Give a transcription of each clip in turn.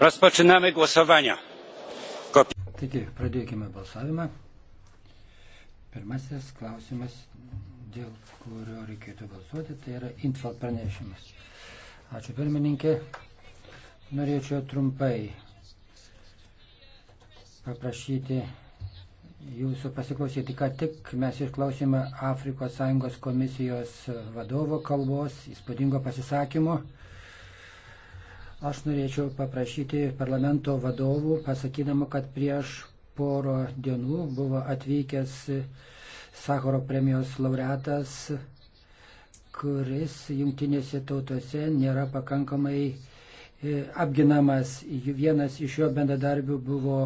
Rozpoczynamy głosowania. Kopi... Taigi, pradėkime balsavimą. Pirmasis klausimas, dėl kurio reikėtų balsuoti, tai yra Intfeld pranešimas. Ačiū pirmininkė. Norėčiau trumpai paprašyti jūsų pasiklausyti, ką tik mes išklausėme Afrikos Sąjungos komisijos vadovo kalbos, įspūdingo pasisakymo. Aš norėčiau paprašyti parlamento vadovų, pasakydama, kad prieš porą dienų buvo atvykęs Sakoro premijos laureatas, kuris jungtinėse tautose nėra pakankamai e, apginamas. Vienas iš jo bendradarbių buvo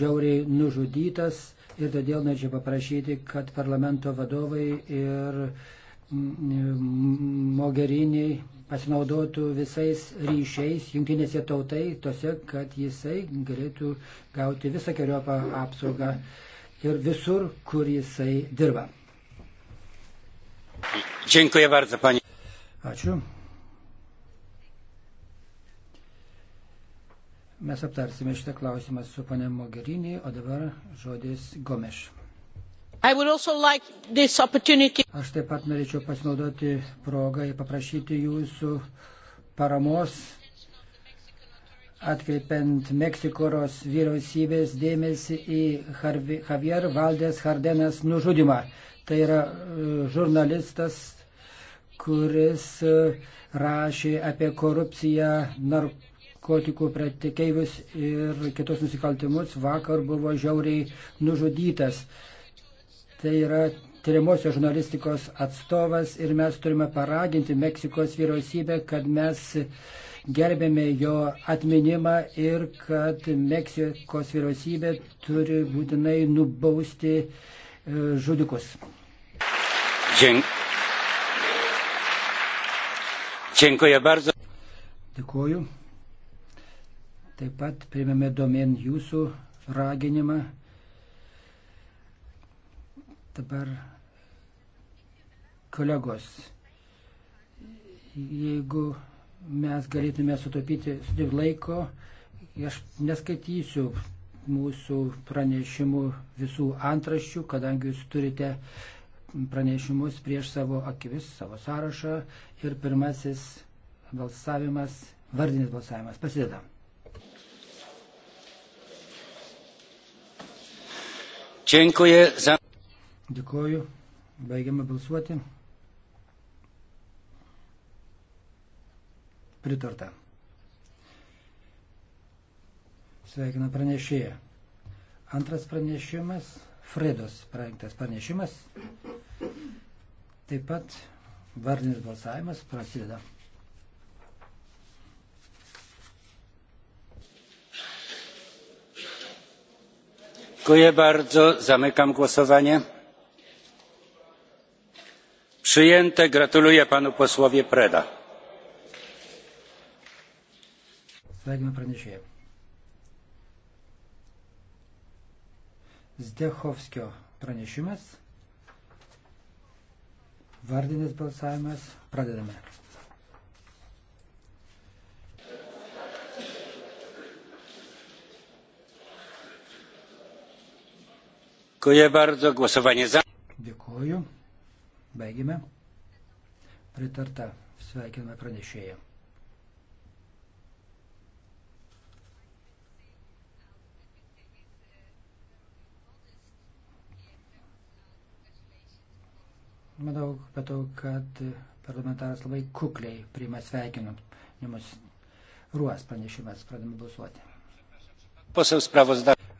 žiauriai nužudytas ir todėl norėčiau paprašyti, kad parlamento vadovai ir mogeriniai pasinaudotų visais ryšiais jungtinėse tautai, tose, kad jisai galėtų gauti visą keriopą apsaugą ir visur, kur jisai dirba. Dziękuję bardzo, pani. Ačiū. Mes aptarsime šitą klausimą su panė Mogherini, o dabar žodis Gomeš. Like Aš taip pat norėčiau pasinaudoti progą ir paprašyti jūsų paramos atkreipiant Meksikoros vyriausybės dėmesį į Javier Valdės Hardenas nužudimą. Tai yra e, žurnalistas, kuris e, rašė apie korupciją, narkotikų pretikeivius ir kitus nusikaltimus. Vakar buvo žiauriai nužudytas tai yra tyriamosios žurnalistikos atstovas ir mes turime paraginti Meksikos vyriausybę, kad mes gerbėme jo atminimą ir kad Meksikos vyriausybė turi būtinai nubausti e, žudikus. Dziękuję. Dziękuję bardzo. Dėkuoju. Taip pat primėme domen jūsų raginimą Dabar kolegos, jeigu mes galėtume sutaupyti laiko, aš neskaitysiu mūsų pranešimų visų antraščių, kadangi jūs turite pranešimus prieš savo akimis, savo sąrašą ir pirmasis balsavimas, vardinis balsavimas prasideda. Dziękuję za. Dėkoju. Baigiame balsuoti. Pritarta. Sveikina pranešėją. Antras pranešimas, Fredos parengtas pranešimas. Taip pat vardinis balsavimas prasideda. Dziękuję bardzo. Zamykam głosowanie przyjęte. gratuluję panu posłowi preda. Sveikinu pranešėją. Zdechovskio pranešimas. Vardinis balsavimas. Pradedame. Dziękuję bardzo. Głosowanie za. Dziękuję. Baigime. Pritarta. Sveikiname pranešėją. Manau, patau, kad parlamentaras labai kukliai priima sveikinimus. Ruos pranešimas, pradame balsuoti.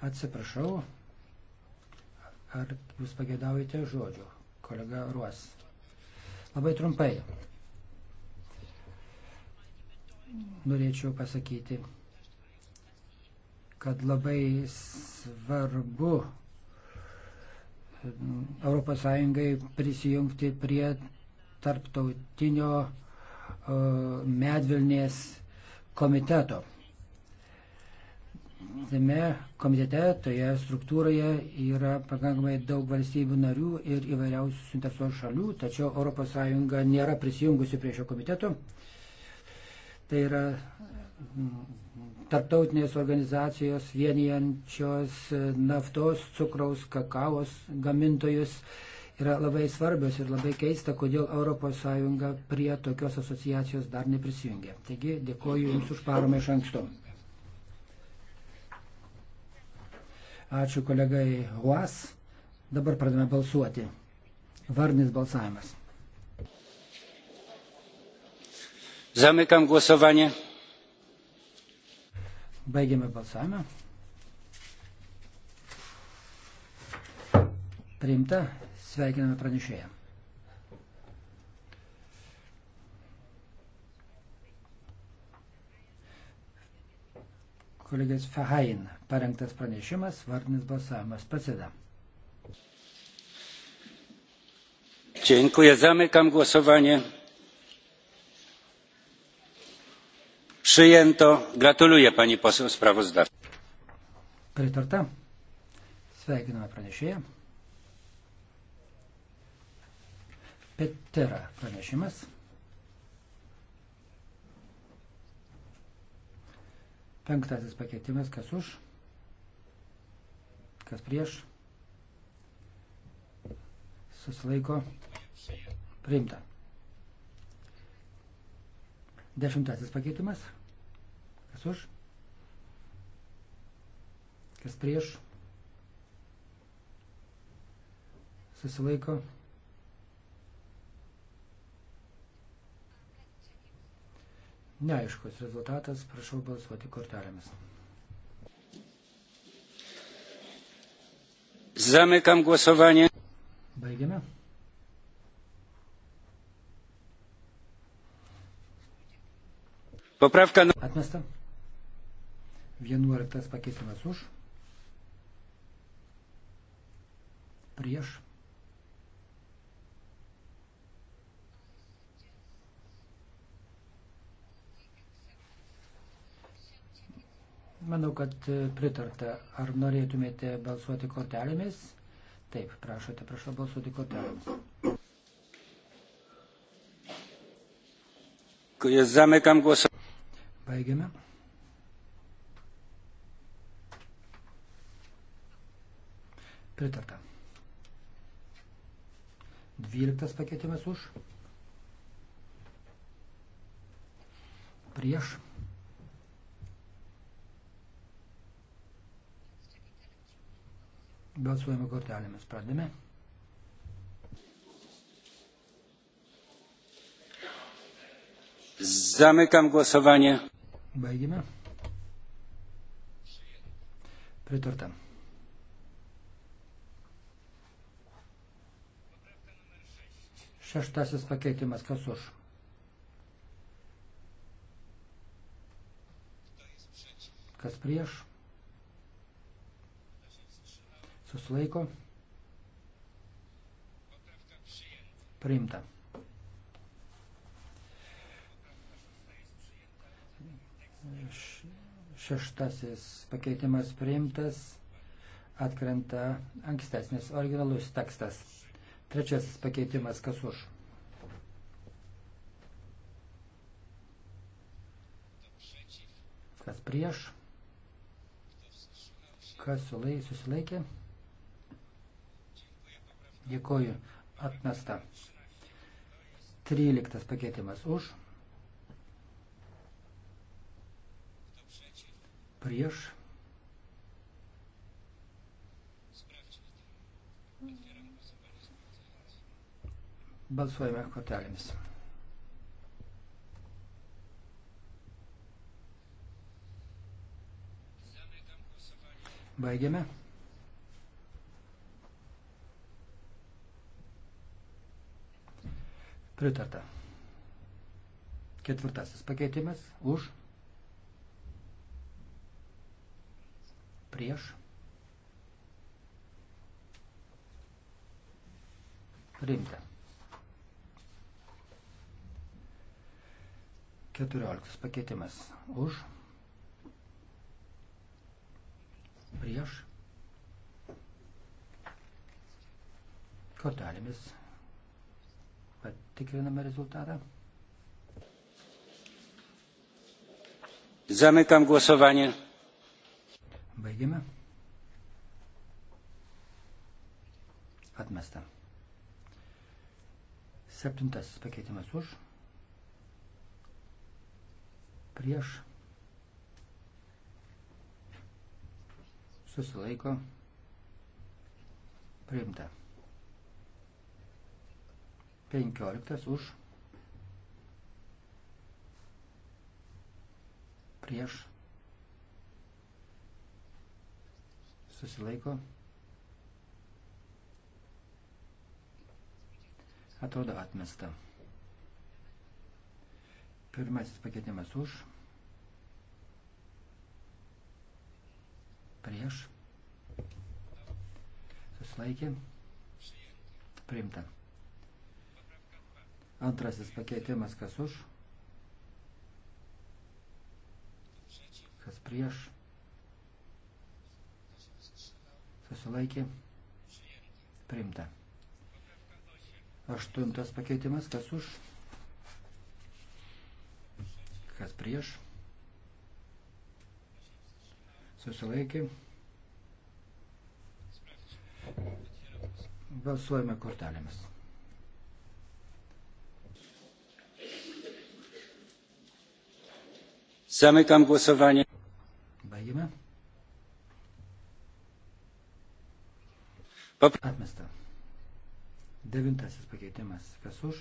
Atsiprašau, ar jūs pagėdaujate žodžio? kolega Ruos. Labai trumpai. Norėčiau pasakyti, kad labai svarbu mm, ES prisijungti prie tarptautinio medvilnės komiteto tame komitete, toje struktūroje yra pakankamai daug valstybių narių ir įvairiausių suinteresuotų šalių, tačiau ES nėra prisijungusi prie šio komiteto. Tai yra tarptautinės organizacijos vienijančios naftos, cukraus, kakavos gamintojus yra labai svarbios ir labai keista, kodėl ES prie tokios asociacijos dar neprisijungė. Taigi dėkoju Jums už paramą iš anksto. Ačiū kolegai Huas. Dabar pradame balsuoti. Varnis balsavimas. Zamykam głosowanie. Baigiame balsavimą. Priimta. Sveikiname pranešėją. kolegės Fehain. Parengtas pranešimas, vardinis balsavimas prasideda. Dziękuję. Zamykam głosowanie. Przyjęto. Gratuluję pani poseł sprawozdawcy. Pritarta. Sveikiname pranešėją. Petera pranešimas. Penktasis pakeitimas, kas už, kas prieš, susilaiko, priimta. Dešimtasis pakeitimas, kas už, kas prieš, susilaiko, priimta. Neaiškus rezultatas, prašau balsuoti kortelėmis. Zamykam głosowanie. Baigiame. Poprawka. Nu- Atmesta. 11 pakeitimas už. Prieš. Manau, kad e, pritarta. Ar norėtumėte balsuoti kortelėmis? Taip, prašote, prašau balsuoti kortelėmis. Kurie zamekam głos. Baigiame. Pritarta. Dvyliktas pakeitimas už. Prieš. Balsuojame kortelėmis. Pradame. Zamykam głosowanie. Baigime. Pritarta. Šeštasis pakeitimas. Kas už? Kas prieš? susilaiko, priimta. Šeštasis pakeitimas priimtas, atkrenta ankstesnis originalus tekstas. Trečiasis pakeitimas kas už. Kas prieš? Kas susilaikė? Dėkoju. Atmesta. 13 pakeitimas už. Prieš. Balsuojame kortelėmis. Baigiame. Pritarta. Ketvirtasis pakeitimas už. Prieš. Rimta. Keturioliktas pakeitimas už. Prieš. Kortelėmis Patikriname rezultatą. Zamykam głosowanie. Baigiame. Atmesta. Septintasis pakeitimas už. Prieš. Susilaiko. Priimta. 15 už prieš susilaiko. Atrodo atmesta. Pirmasis pakeitimas už. Prieš. Susilaikė. Priimta. Antrasis pakeitimas kas už, kas prieš, susilaikė, priimta. Aštuntas pakeitimas kas už, kas prieš, susilaikė. Balsuojame kortelėmis. Zamykam głosowanie. Baigėme. Atmesta. Devintasis pakeitimas. Kas už?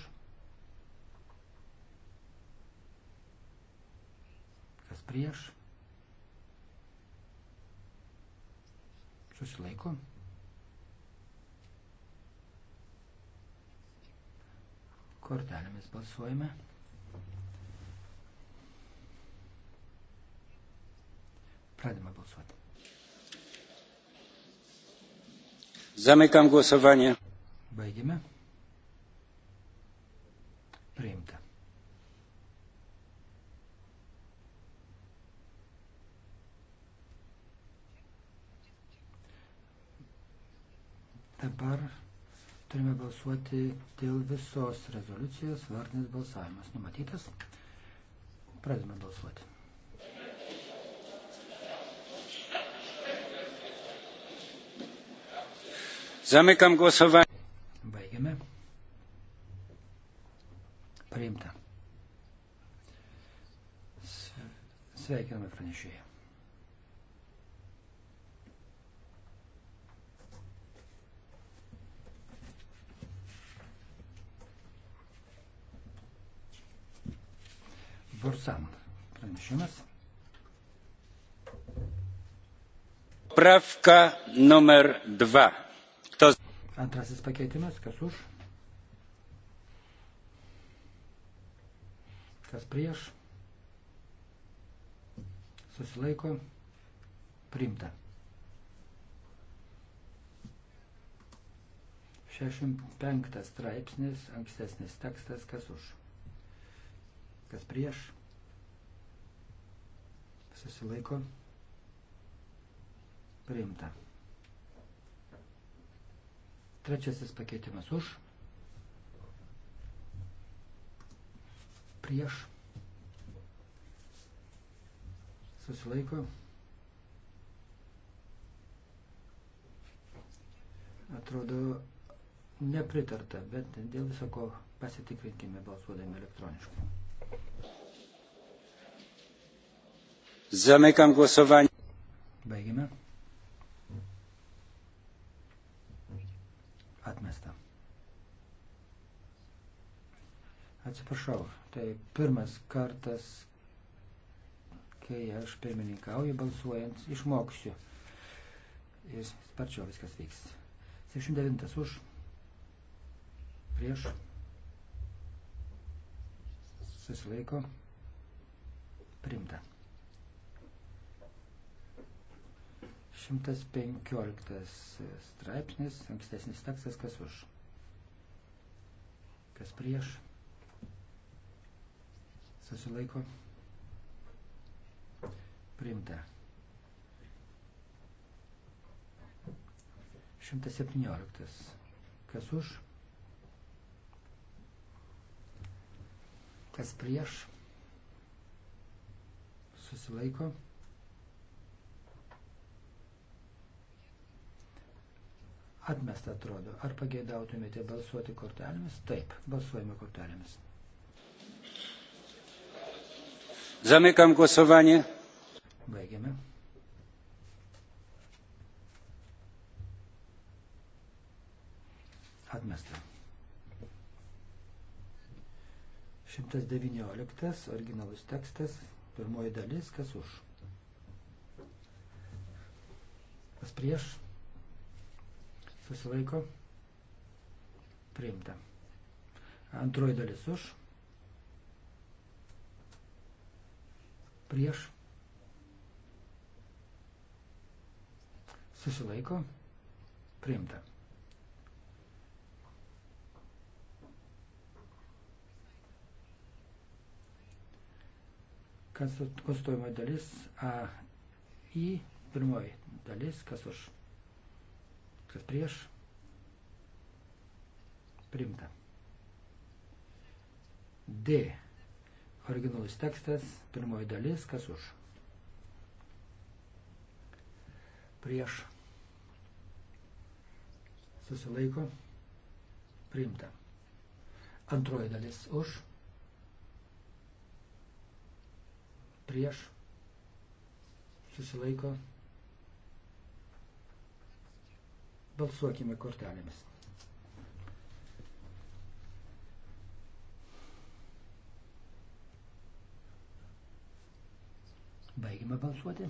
Kas prieš? Susilaiko. Kortelėmis balsuojame. Pradėme balsuoti. Zamykam głosowanie. Baigime. Priimta. Dabar turime balsuoti dėl visos rezoliucijos vardinis balsavimas numatytas. Pradėme balsuoti. Zamykam głosowanie. Baigiame. Priimta. Sveikiname pranešėją. Bursam pranešimas. Poprawka numer 2 Ktos... Antrasis pakeitimas, kas už? Kas prieš? Susilaiko. Primta. 65 straipsnis, ankstesnis tekstas, kas už? Kas prieš? Susilaiko. Priimta. Trečiasis pakeitimas už. Prieš. Susilaiko. Atrodo nepritarta, bet dėl visako pasitikrinkime balsuodami elektroniškai. Zamykam głosowanie. Baigime. Atsiprašau, tai pirmas kartas, kai aš pirmininkauju balsuojant, išmoksiu. Ir sparčiau viskas vyks. 69 už. Prieš. Susilaiko. Primta. 115 straipsnis, ankstesnis tekstas, kas už, kas prieš, susilaiko priimta. 117. Kas už? Kas prieš? Susilaiko. Atmesta atrodo. Ar pageidautumėte balsuoti kortelėmis? Taip, balsuojame kortelėmis. Zamykam głosowanie. Baigiame. Atmesta. 119 originalus tekstas, pirmoji dalis, kas už. Kas prieš? Susilaiko. Priimta. Antroji dalis už. prieš susilaiko priimta. Konstatuojama dalis A į pirmoji dalis, kas už, kas prieš, priimta. D originalus tekstas, pirmoji dalis, kas už. Prieš susilaiko priimta. Antroji dalis už. Prieš susilaiko. Balsuokime kortelėmis. Baigime balsuoti.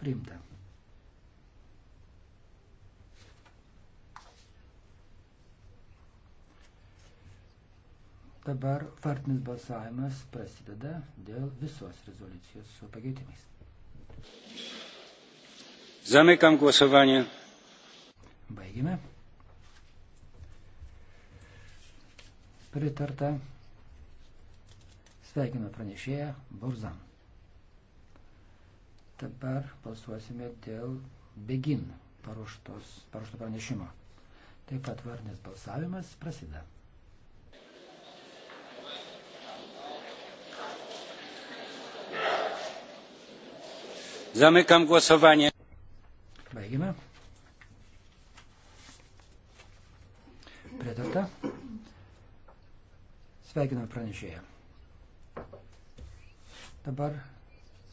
Priimta. Dabar partinis balsavimas prasideda dėl visos rezoliucijos su pakeitimais. Zamykam głosowanie. Baigime. Pritarta. Sveikiname pranešėją Borzan. Dabar balsuosime dėl Begin paruoštos, paruošto pranešimo. Taip pat varnės balsavimas prasideda. Zamykam głosowanie. Baigime. Pritarta. Sveikinam pranešėją. Dabar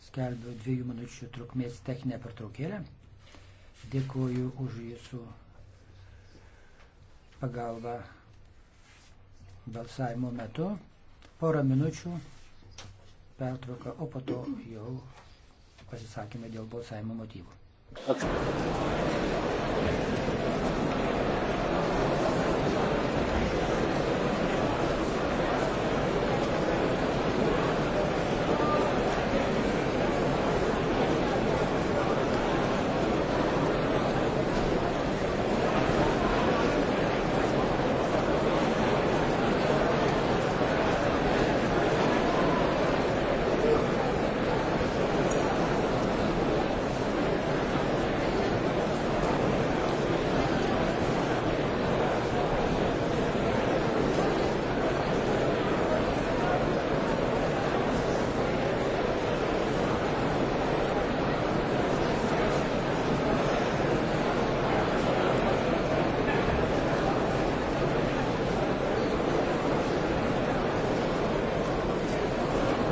skelbiu dviejų minučių trukmės techninę pertraukėlę. Dėkuoju už jūsų pagalbą balsavimo metu. Porą minučių pertrauka, o po to jau pasisakymai dėl balsavimo motyvų. Okay.